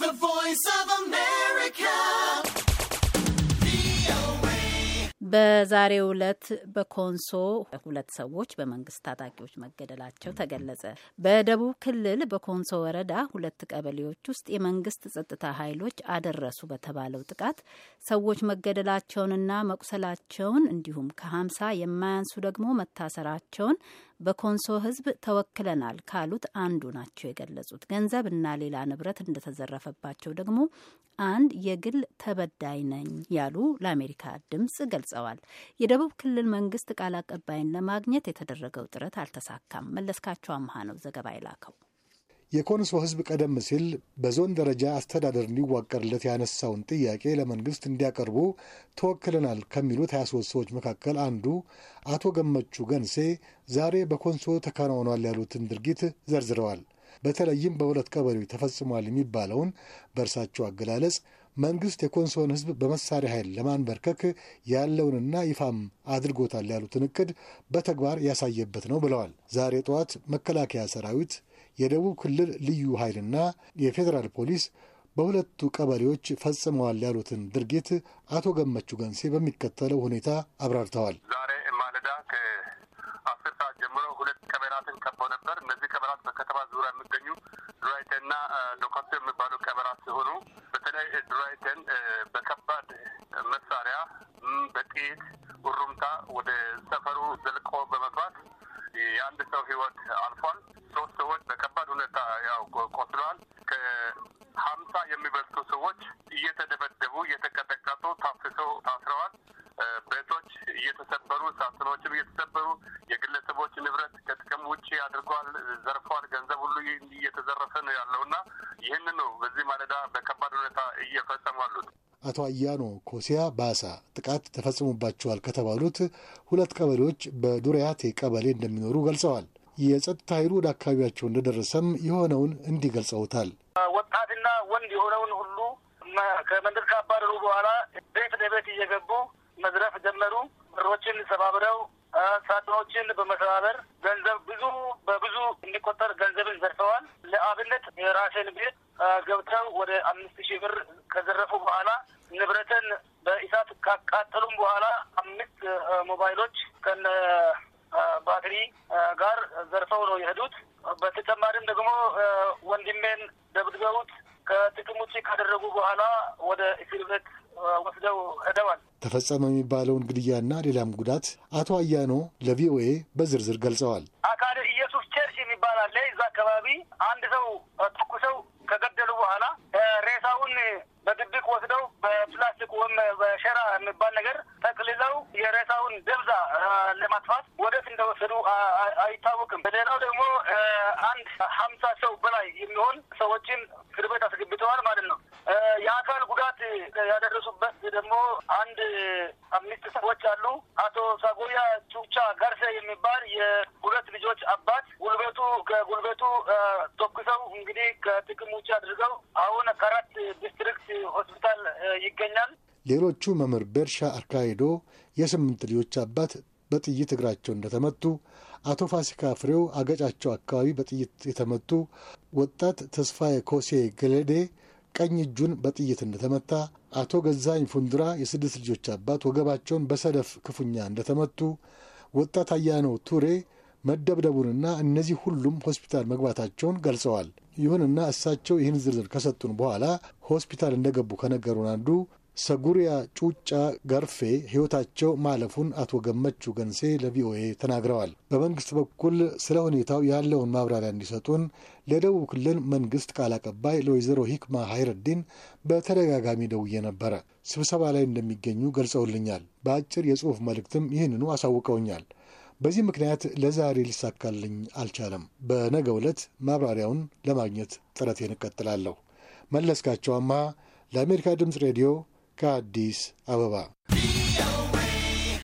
The Voice of America. በዛሬው ዕለት በኮንሶ ሁለት ሰዎች በመንግስት ታጣቂዎች መገደላቸው ተገለጸ። በደቡብ ክልል በኮንሶ ወረዳ ሁለት ቀበሌዎች ውስጥ የመንግስት ጸጥታ ኃይሎች አደረሱ በተባለው ጥቃት ሰዎች መገደላቸውንና መቁሰላቸውን እንዲሁም ከሀምሳ የማያንሱ ደግሞ መታሰራቸውን በኮንሶ ህዝብ ተወክለናል ካሉት አንዱ ናቸው የገለጹት። ገንዘብ እና ሌላ ንብረት እንደተዘረፈባቸው ደግሞ አንድ የግል ተበዳይ ነኝ ያሉ ለአሜሪካ ድምጽ ገልጸዋል። የደቡብ ክልል መንግስት ቃል አቀባይን ለማግኘት የተደረገው ጥረት አልተሳካም። መለስካቸው አምሃ ነው ዘገባ የላከው። የኮንሶ ህዝብ ቀደም ሲል በዞን ደረጃ አስተዳደር እንዲዋቀርለት ያነሳውን ጥያቄ ለመንግስት እንዲያቀርቡ ተወክለናል ከሚሉት 23 ሰዎች መካከል አንዱ አቶ ገመቹ ገንሴ ዛሬ በኮንሶ ተከናውኗል ያሉትን ድርጊት ዘርዝረዋል። በተለይም በሁለት ቀበሌዎች ተፈጽሟል የሚባለውን በእርሳቸው አገላለጽ መንግስት የኮንሶን ህዝብ በመሳሪያ ኃይል ለማንበርከክ ያለውንና ይፋም አድርጎታል ያሉትን እቅድ በተግባር ያሳየበት ነው ብለዋል። ዛሬ ጠዋት መከላከያ ሰራዊት የደቡብ ክልል ልዩ ኃይልና የፌዴራል ፖሊስ በሁለቱ ቀበሌዎች ፈጽመዋል ያሉትን ድርጊት አቶ ገመቹ ገንሴ በሚከተለው ሁኔታ አብራርተዋል። ዛሬ ማለዳ ከአስር ሰዓት ጀምሮ ሁለት ቀበራትን ከበው ነበር። እነዚህ ቀበራት በከተማ ዙሪያ የሚገኙ ድራይተንና ዶካቶ የሚባሉ ቀበራት ሲሆኑ በተለይ ድራይተን በከባድ መሳሪያ በጥይት፣ ሩምታ ወደ ሰፈሩ ዘልቆ በመግባት የአንድ ሰው ህይወት አልፏል። ሶስት ሰዎች በከባድ ሁኔታ ያው ቆስለዋል። ከሀምሳ የሚበልጡ ሰዎች እየተደበደቡ እየተቀጠቀጡ ታፍሰው ታስረዋል። ቤቶች እየተሰበሩ፣ ሳጥኖችም እየተሰበሩ የግለሰቦች ንብረት ከጥቅም ውጭ አድርጓል፣ ዘርፏል። ገንዘብ ሁሉ እየተዘረፈ ነው ያለውና ይህንን ነው በዚህ ማለዳ በከባድ ሁኔታ አሉት። አቶ አያኖ ኮሲያ ባሳ ጥቃት ተፈጽሞባቸዋል ከተባሉት ሁለት ቀበሌዎች በዱሪያቴ ቀበሌ እንደሚኖሩ ገልጸዋል። የጸጥታ ኃይሉ ወደ አካባቢያቸው እንደደረሰም የሆነውን እንዲህ ገልጸውታል። ወጣትና ወንድ የሆነውን ሁሉ ከመንደር ካባረሩ በኋላ ቤት ለቤት እየገቡ መዝረፍ ጀመሩ። በሮችን ሰባብረው ሳጥኖችን በመሰባበር ገንዘብ ብዙ በብዙ የሚቆጠር ገንዘብን ዘርፈዋል። ለአብነት የራሴን ቤት ገብተው ወደ አምስት ሺህ ብር ከዘረፉ በኋላ ንብረትን በእሳት ካቃጠሉም በኋላ አምስት ሞባይሎች ከነ ባትሪ ጋር ዘርፈው ነው የሄዱት። በተጨማሪም ደግሞ ወንድሜን ደብድበውት ከጥቅም ውጭ ካደረጉ በኋላ ወደ እስር ቤት ወስደው ሄደዋል። ተፈጸመ የሚባለውን ግድያና ሌላም ጉዳት አቶ አያኖ ለቪኦኤ በዝርዝር ገልጸዋል። አካል ኢየሱስ ቸርች የሚባል አለ። እዛ አካባቢ አንድ ሰው በድብቅ ወስደው በፕላስቲክ ወይም በሸራ የሚባል ነገር ጠቅልለው የሬሳውን ደብዛ ለማጥፋት ወደት እንደወሰዱ አይታወቅም። በሌላው ደግሞ አንድ ሀምሳ ሰው በላይ የሚሆን ሰዎችን እስር ቤት አስገብተዋል ማለት ነው። የአካል ጉዳት ያደረሱበት ደግሞ አንድ አምስት ሰዎች አሉ። አቶ ሳጎያ ቹቻ ጋርሴ የሚባል የሁለት ልጆች አባት ጉልበቱ ከጉልበቱ ተኩሰው እንግዲህ ከጥቅም ውጭ አድርገው አሁን ከአራት ዲስትሪክት ሆስፒታል ይገኛል። ሌሎቹ መምህር ቤርሻ አርካሄዶ የስምንት ልጆች አባት በጥይት እግራቸው እንደተመቱ፣ አቶ ፋሲካ ፍሬው አገጫቸው አካባቢ በጥይት የተመቱ፣ ወጣት ተስፋዬ ኮሴ ገለዴ ቀኝ እጁን በጥይት እንደተመታ፣ አቶ ገዛኝ ፉንድራ የስድስት ልጆች አባት ወገባቸውን በሰደፍ ክፉኛ እንደተመቱ፣ ወጣት አያነው ቱሬ መደብደቡንና እነዚህ ሁሉም ሆስፒታል መግባታቸውን ገልጸዋል። ይሁንና እሳቸው ይህን ዝርዝር ከሰጡን በኋላ ሆስፒታል እንደገቡ ከነገሩን አንዱ ሰጉሪያ ጩጫ ገርፌ ሕይወታቸው ማለፉን አቶ ገመቹ ገንሴ ለቪኦኤ ተናግረዋል። በመንግስት በኩል ስለ ሁኔታው ያለውን ማብራሪያ እንዲሰጡን ለደቡብ ክልል መንግስት ቃል አቀባይ ለወይዘሮ ሂክማ ሀይረዲን በተደጋጋሚ ደውዬ ነበረ። ስብሰባ ላይ እንደሚገኙ ገልጸውልኛል። በአጭር የጽሑፍ መልእክትም ይህንኑ አሳውቀውኛል። በዚህ ምክንያት ለዛሬ ሊሳካልኝ አልቻለም። በነገ ዕለት ማብራሪያውን ለማግኘት ጥረቴን እቀጥላለሁ። መለስካቸው አምሃ ለአሜሪካ ድምፅ ሬዲዮ Addis Ababa.